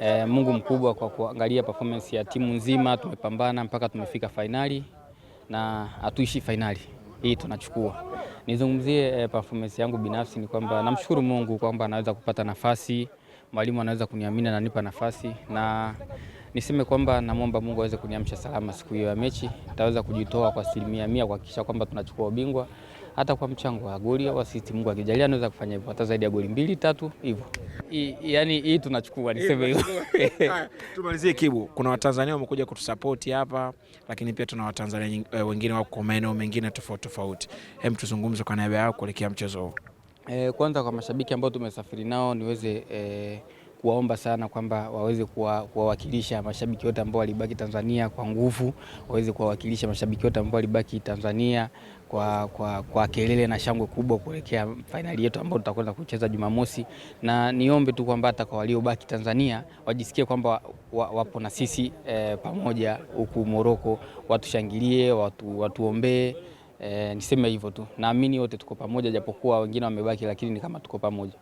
E, Mungu mkubwa kwa kuangalia performance ya timu nzima, tumepambana mpaka tumefika fainali na hatuishi fainali hii, tunachukua. Nizungumzie e, performance yangu binafsi ni kwamba namshukuru Mungu kwamba anaweza kupata nafasi, mwalimu anaweza kuniamini na nipa nafasi na Niseme kwamba namwomba Mungu aweze kuniamsha salama siku hiyo ya mechi, nitaweza kujitoa kwa asilimia mia kuhakikisha kwamba tunachukua ubingwa, hata kwa mchango wa goli au asisti. Mungu akijalia, anaweza kufanya hivyo, hata zaidi ya goli mbili tatu hivyo. Yani hii tunachukua, niseme hivyo. Tumalizie Kibu, kuna Watanzania wamekuja kutusapoti hapa, lakini pia tuna Watanzania eh, wengine wako maeneo mengine tofauti tofauti. Hem, tuzungumze kwa niaba yao kuelekea mchezo huu. E, kwanza kwa mashabiki ambao tumesafiri nao niweze e, kuwaomba sana kwamba waweze kuwawakilisha mashabiki wote ambao walibaki Tanzania kwa nguvu, waweze kuwawakilisha mashabiki wote ambao walibaki Tanzania kwa, kwa, kwa kelele na shangwe kubwa kuelekea fainali yetu ambayo tutakwenda kucheza Jumamosi, na niombe tu kwamba hata kwa waliobaki Tanzania wajisikie kwamba wapo na sisi e, pamoja huku Moroko, watushangilie watu, watuombee. e, niseme hivyo tu, naamini wote tuko pamoja, japokuwa wengine wamebaki, lakini ni kama tuko pamoja.